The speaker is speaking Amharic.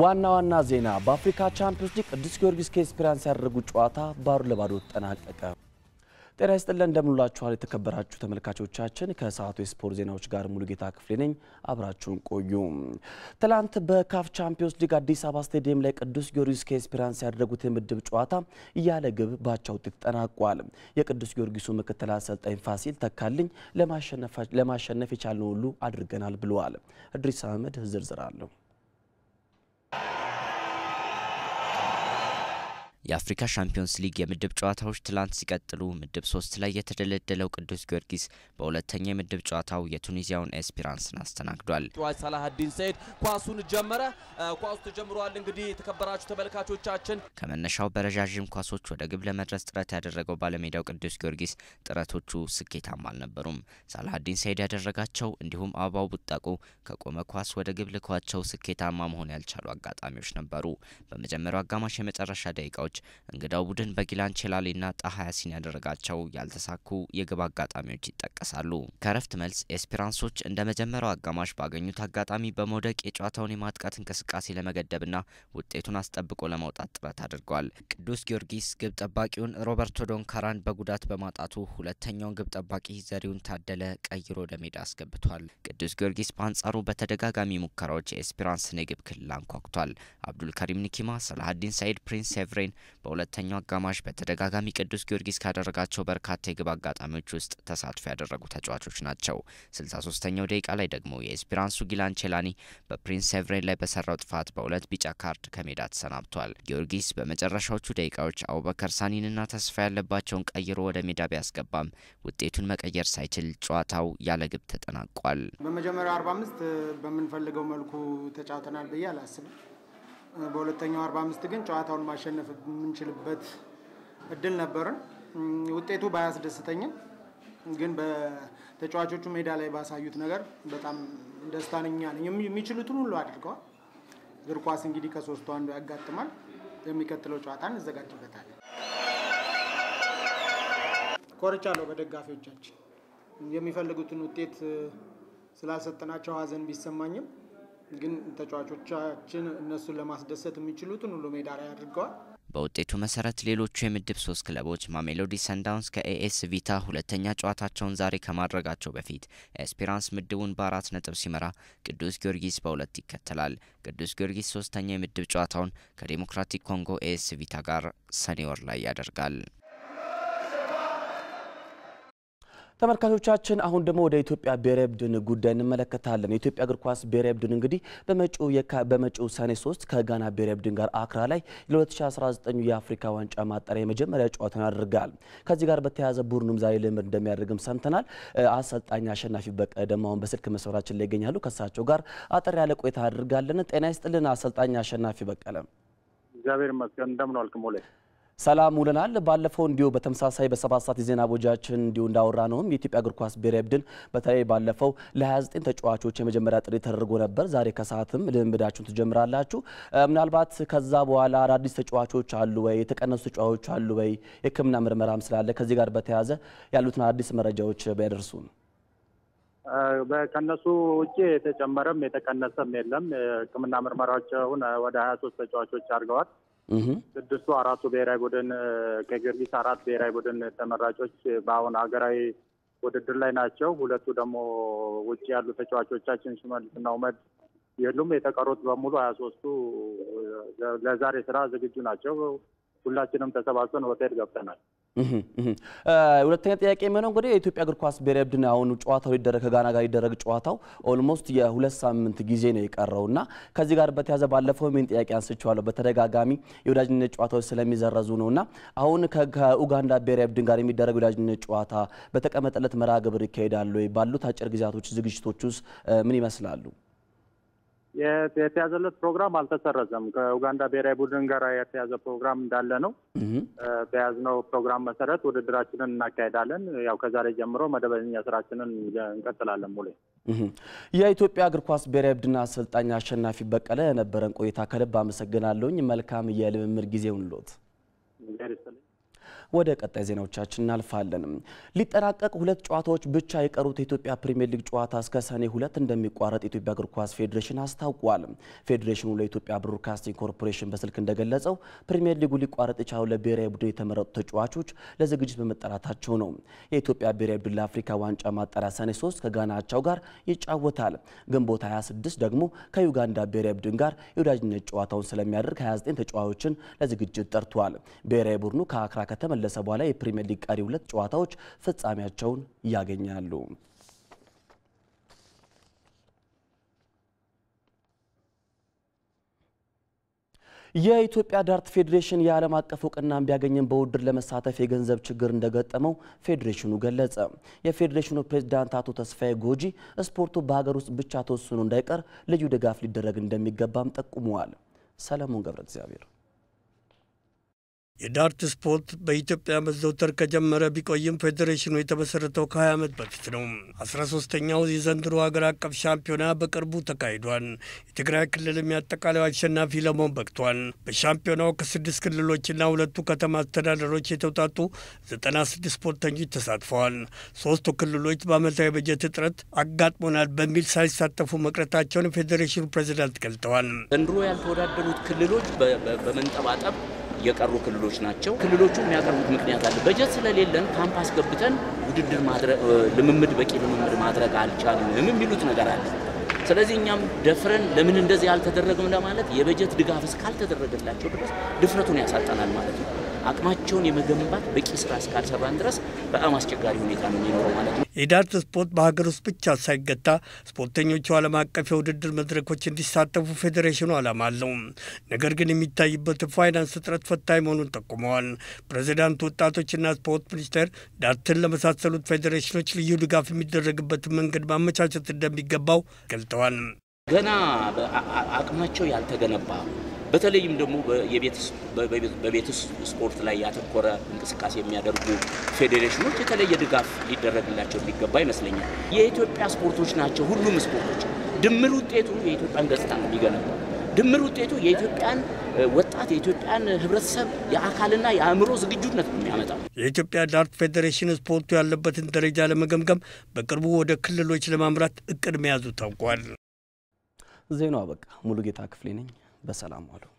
ዋና ዋና ዜና በአፍሪካ ቻምፒዮንስ ሊግ ቅዱስ ጊዮርጊስ ከኤስፔራንስ ያደረጉት ጨዋታ ባዶ ለባዶ ተጠናቀቀ። ጤና ይስጥልን እንደምንላችኋል የተከበራችሁ ተመልካቾቻችን፣ ከሰዓቱ የስፖርት ዜናዎች ጋር ሙሉጌታ ክፍሌ ነኝ። አብራችሁን ቆዩ። ትላንት በካፍ ቻምፒዮንስ ሊግ አዲስ አበባ ስቴዲየም ላይ ቅዱስ ጊዮርጊስ ከኤስፔራንስ ያደረጉት የምድብ ጨዋታ እያለ ግብ ባቻ ውጤት ተጠናቋል። የቅዱስ ጊዮርጊሱ ምክትል አሰልጣኝ ፋሲል ተካልኝ ለማሸነፍ የቻልነው ሁሉ አድርገናል ብለዋል። እድሪስ አህመድ ዝርዝር አለው። you የአፍሪካ ሻምፒዮንስ ሊግ የምድብ ጨዋታዎች ትላንት ሲቀጥሉ ምድብ ሶስት ላይ የተደለደለው ቅዱስ ጊዮርጊስ በሁለተኛ የምድብ ጨዋታው የቱኒዚያውን ኤስፒራንስን አስተናግዷል። ሳላሀዲን ሰይድ ኳሱን ጀመረ። ኳሱ ተጀምሯል። እንግዲህ የተከበራችሁ ተመልካቾቻችን ከመነሻው በረዣዥም ኳሶች ወደ ግብ ለመድረስ ጥረት ያደረገው ባለሜዳው ቅዱስ ጊዮርጊስ ጥረቶቹ ስኬታማ አልነበሩም። ሳላሀዲን ሰይድ ያደረጋቸው እንዲሁም አበባው ቡጣቁ ከቆመ ኳስ ወደ ግብ ልኳቸው ስኬታማ መሆን ያልቻሉ አጋጣሚዎች ነበሩ። በመጀመሪያው አጋማሽ የመጨረሻ ደቂቃዎች እንግዳው ቡድን በጊላን ና ጣሃ ያሲን ያደረጋቸው ያልተሳኩ የግብ አጋጣሚዎች ይጠቀሳሉ። ከረፍት መልስ ኤስፔራንሶች እንደ መጀመሪያው አጋማሽ ባገኙት አጋጣሚ በመውደቅ የጨዋታውን የማጥቃት እንቅስቃሴ ለመገደብና ውጤቱን አስጠብቆ ለመውጣት ጥረት አድርጓል። ቅዱስ ጊዮርጊስ ግብ ጠባቂውን ሮበርቶ ዶንካራን በጉዳት በማጣቱ ሁለተኛውን ግብ ጠባቂ ዘሪውን ታደለ ቀይሮ ወደ ሜዳ አስገብቷል። ቅዱስ ጊዮርጊስ በአንጻሩ በተደጋጋሚ ሙከራዎች የኤስፔራንስን የግብ ክልል አንኳኩቷል። አብዱልከሪም ኒኪማ፣ ሰላሀዲን ሳይድ፣ ፕሪንስ ሴቭሬን በሁለተኛው አጋማሽ በተደጋጋሚ ቅዱስ ጊዮርጊስ ካደረጋቸው በርካታ የግብ አጋጣሚዎች ውስጥ ተሳትፎ ያደረጉ ተጫዋቾች ናቸው። 63ኛው ደቂቃ ላይ ደግሞ የኤስፒራንሱ ቼላኒ በፕሪንስ ሴቭሬን ላይ በሰራው ጥፋት በሁለት ቢጫ ካርድ ከሜዳ ተሰናብቷል። ጊዮርጊስ በመጨረሻዎቹ ደቂቃዎች አቡበከር ሳኒንና ተስፋ ያለባቸውን ቀይሮ ወደ ሜዳ ቢያስገባም ውጤቱን መቀየር ሳይችል ጨዋታው ያለ ግብ ተጠናቋል። በመጀመሪያው 45 በምንፈልገው መልኩ ተጫውተናል ብዬ አላስብም። በሁለተኛው 45 ግን ጨዋታውን ማሸነፍ የምንችልበት እድል ነበርን። ውጤቱ ባያስደስተኝም ግን በተጫዋቾቹ ሜዳ ላይ ባሳዩት ነገር በጣም ደስታነኛ ነኝ። የሚችሉትን ሁሉ አድርገዋል። እግር ኳስ እንግዲህ ከሶስቱ አንዱ ያጋጥማል። የሚቀጥለው ጨዋታ እንዘጋጅበታለን። ኮርቻለሁ በደጋፊዎቻችን የሚፈልጉትን ውጤት ስላልሰጠናቸው ሀዘን ቢሰማኝም ግን ተጫዋቾቻችን እነሱን ለማስደሰት የሚችሉትን ሁሉ ሜዳ ላይ አድርገዋል። በውጤቱ መሰረት ሌሎቹ የምድብ ሶስት ክለቦች ማሜሎዲ ሰንዳውንስ ከኤኤስ ቪታ ሁለተኛ ጨዋታቸውን ዛሬ ከማድረጋቸው በፊት ኤስፒራንስ ምድቡን በአራት ነጥብ ሲመራ፣ ቅዱስ ጊዮርጊስ በሁለት ይከተላል። ቅዱስ ጊዮርጊስ ሶስተኛ የምድብ ጨዋታውን ከዴሞክራቲክ ኮንጎ ኤኤስ ቪታ ጋር ሰኔ ወር ላይ ያደርጋል። ተመልካቾቻችን አሁን ደግሞ ወደ ኢትዮጵያ ብሔራዊ ቡድን ጉዳይ እንመለከታለን። የኢትዮጵያ እግር ኳስ ብሔራዊ ቡድን እንግዲህ በመጪው የካ በመጪው ሰኔ 3 ከጋና ብሔራዊ ቡድን ጋር አክራ ላይ ለ2019 የአፍሪካ ዋንጫ ማጣሪያ የመጀመሪያ ጨዋታን አድርጋል። ከዚህ ጋር በተያያዘ ቡድኑም ዛሬ ልምድ እንደሚያደርግም ሰምተናል። አሰልጣኝ አሸናፊ በቀለ ደግሞ አሁን በስልክ መስመራችን ላይ ይገኛሉ። ከእሳቸው ጋር አጠር ያለ ቆይታ አድርጋለን። ጤና ይስጥልን አሰልጣኝ አሸናፊ በቀለም። እግዚአብሔር ይመስገን። እንደምን ዋልክ ሞላ? ሰላም ውለናል። ባለፈው እንዲሁ በተመሳሳይ በሰባት ሰዓት የዜና ቦጃችን እንዲሁ እንዳወራ ነውም የኢትዮጵያ እግር ኳስ ብሔራዊ ቡድን በተለይ ባለፈው ለ29 ተጫዋቾች የመጀመሪያ ጥሪ ተደርጎ ነበር። ዛሬ ከሰዓትም ልምምዳችሁን ትጀምራላችሁ። ምናልባት ከዛ በኋላ አዳዲስ ተጫዋቾች አሉ ወይ፣ የተቀነሱ ተጫዋቾች አሉ ወይ፣ የሕክምና ምርመራም ስላለ ከዚህ ጋር በተያያዘ ያሉትን አዳዲስ መረጃዎች ቢያደርሱን። ከነሱ ውጭ የተጨመረም የተቀነሰም የለም። ሕክምና ምርመራቸውን ወደ 23 ተጫዋቾች አድርገዋል። ስድስቱ አራቱ ብሔራዊ ቡድን ከጊዮርጊስ አራት ብሔራዊ ቡድን ተመራጮች በአሁን ሀገራዊ ውድድር ላይ ናቸው። ሁለቱ ደግሞ ውጭ ያሉ ተጫዋቾቻችን ሽመልስና ውመድ የሉም። የተቀሩት በሙሉ ሀያ ሶስቱ ለዛሬ ስራ ዝግጁ ናቸው። ሁላችንም ተሰባስበን ሆቴል ገብተናል። ሁለተኛ ጥያቄ የሚሆነው እንግዲህ የኢትዮጵያ እግር ኳስ ብሔራዊ ቡድን አሁን ጨዋታው ሊደረግ ከጋና ጋር ሊደረግ ጨዋታው ኦልሞስት የሁለት ሳምንት ጊዜ ነው የቀረው እና ከዚህ ጋር በተያዘ ባለፈው ምን ጥያቄ አንስቼዋለሁ። በተደጋጋሚ የወዳጅነት ጨዋታዎች ስለሚዘረዙ ነው እና አሁን ከኡጋንዳ ብሔራዊ ቡድን ጋር የሚደረግ የወዳጅነት ጨዋታ በተቀመጠለት መርሃ ግብር ይካሄዳሉ። ባሉት አጭር ጊዜያቶች ዝግጅቶች ውስጥ ምን ይመስላሉ? የተያዘለት ፕሮግራም አልተሰረዘም። ከኡጋንዳ ብሔራዊ ቡድን ጋር የተያዘ ፕሮግራም እንዳለ ነው። በያዝነው ፕሮግራም መሰረት ውድድራችንን እናካሄዳለን። ያው ከዛሬ ጀምሮ መደበኛ ስራችንን እንቀጥላለን። ሙሉ የኢትዮጵያ እግር ኳስ ብሔራዊ ቡድን አሰልጣኝ አሸናፊ በቀለ የነበረን ቆይታ ከልብ አመሰግናለሁኝ። መልካም የልምምድ ጊዜውን ሎት ወደ ቀጣይ ዜናዎቻችን እናልፋለን። ሊጠናቀቅ ሁለት ጨዋታዎች ብቻ የቀሩት የኢትዮጵያ ፕሪሚየር ሊግ ጨዋታ እስከ ሰኔ ሁለት እንደሚቋረጥ የኢትዮጵያ እግር ኳስ ፌዴሬሽን አስታውቋል። ፌዴሬሽኑ ለኢትዮጵያ ብሮድካስቲንግ ኮርፖሬሽን በስልክ እንደገለጸው ፕሪሚየር ሊጉ ሊቋረጥ የቻለው ለብሔራዊ ቡድን የተመረጡ ተጫዋቾች ለዝግጅት በመጠራታቸው ነው። የኢትዮጵያ ብሔራዊ ቡድን ለአፍሪካ ዋንጫ ማጣሪያ ሰኔ 3 ከጋና አቻው ጋር ይጫወታል። ግንቦት 26 ደግሞ ከዩጋንዳ ብሔራዊ ቡድን ጋር የወዳጅነት ጨዋታውን ስለሚያደርግ 29 ተጫዋቾችን ለዝግጅት ጠርቷል። ብሔራዊ ቡድኑ ከአክራ ከተማ ከተመለሰ በኋላ የፕሪሚየር ሊግ ቀሪ ሁለት ጨዋታዎች ፍጻሜያቸውን ያገኛሉ። የኢትዮጵያ ዳርት ፌዴሬሽን የዓለም አቀፍ ውቅናን ቢያገኝም በውድድር ለመሳተፍ የገንዘብ ችግር እንደገጠመው ፌዴሬሽኑ ገለጸ። የፌዴሬሽኑ ፕሬዝዳንት አቶ ተስፋዬ ጎጂ ስፖርቱ በሀገር ውስጥ ብቻ ተወስኖ እንዳይቀር ልዩ ድጋፍ ሊደረግ እንደሚገባም ጠቁመዋል። ሰለሞን ገብረ እግዚአብሔር የዳርት ስፖርት በኢትዮጵያ መዘውተር ከጀመረ ቢቆይም ፌዴሬሽኑ የተመሰረተው ከ20 ዓመት በፊት ነው። 13ተኛው የዘንድሮ ሀገር አቀፍ ሻምፒዮና በቅርቡ ተካሂዷል። የትግራይ ክልልም የአጠቃላዩ አሸናፊ ለመሆን በቅቷል። በሻምፒዮናው ከስድስት ክልሎችና ሁለቱ ከተማ አስተዳደሮች የተውጣጡ 96 ስፖርተኞች ተሳትፈዋል። ሶስቱ ክልሎች በአመታዊ በጀት እጥረት አጋጥሞናል በሚል ሳይሳተፉ መቅረታቸውን የፌዴሬሽኑ ፕሬዚዳንት ገልጠዋል። ዘንድሮ ያልተወዳደሩት ክልሎች በመንጠባጠብ የቀሩ ክልሎች ናቸው። ክልሎቹ የሚያቀርቡት ምክንያት አለ። በጀት ስለሌለን ካምፕ አስገብተን ውድድር ልምምድ፣ በቂ ልምምድ ማድረግ አልቻልንም የሚሉት ነገር አለ። ስለዚህ እኛም ደፍረን ለምን እንደዚህ አልተደረገም ለማለት የበጀት ድጋፍ እስካልተደረገላቸው ድረስ ድፍረቱን ያሳጠናል ማለት ነው። አቅማቸውን የመገንባት በቂ ስራ እስካልሰራን ድረስ በጣም አስቸጋሪ ሁኔታ ነው የሚኖረው ማለት ነው። የዳት ስፖርት በሀገር ውስጥ ብቻ ሳይገታ ስፖርተኞቹ ዓለም አቀፍ የውድድር መድረኮች እንዲሳተፉ ፌዴሬሽኑ ዓላማ አለው። ነገር ግን የሚታይበት ፋይናንስ እጥረት ፈታኝ መሆኑን ጠቁመዋል። ፕሬዚዳንቱ ወጣቶችና ስፖርት ሚኒስቴር ዳርትን ለመሳሰሉት ፌዴሬሽኖች ልዩ ድጋፍ የሚደረግበትን መንገድ ማመቻቸት እንደሚገባው ገልጠዋል። ገና አቅማቸው ያልተገነባ በተለይም ደግሞ በቤት ስፖርት ላይ ያተኮረ እንቅስቃሴ የሚያደርጉ ፌዴሬሽኖች የተለየ ድጋፍ ሊደረግላቸው የሚገባ ይመስለኛል። የኢትዮጵያ ስፖርቶች ናቸው ሁሉም ስፖርቶች። ድምር ውጤቱ የኢትዮጵያን ገጽታ ነው የሚገነባው። ድምር ውጤቱ የኢትዮጵያን ወጣት የኢትዮጵያን ህብረተሰብ የአካልና የአእምሮ ዝግጁነት ነው የሚያመጣው። የኢትዮጵያ ዳርት ፌዴሬሽን ስፖርቱ ያለበትን ደረጃ ለመገምገም በቅርቡ ወደ ክልሎች ለማምራት እቅድ መያዙ ታውቋል። ዜናው አበቃ። ሙሉጌታ ክፍሌ ነኝ። بسلام عليكم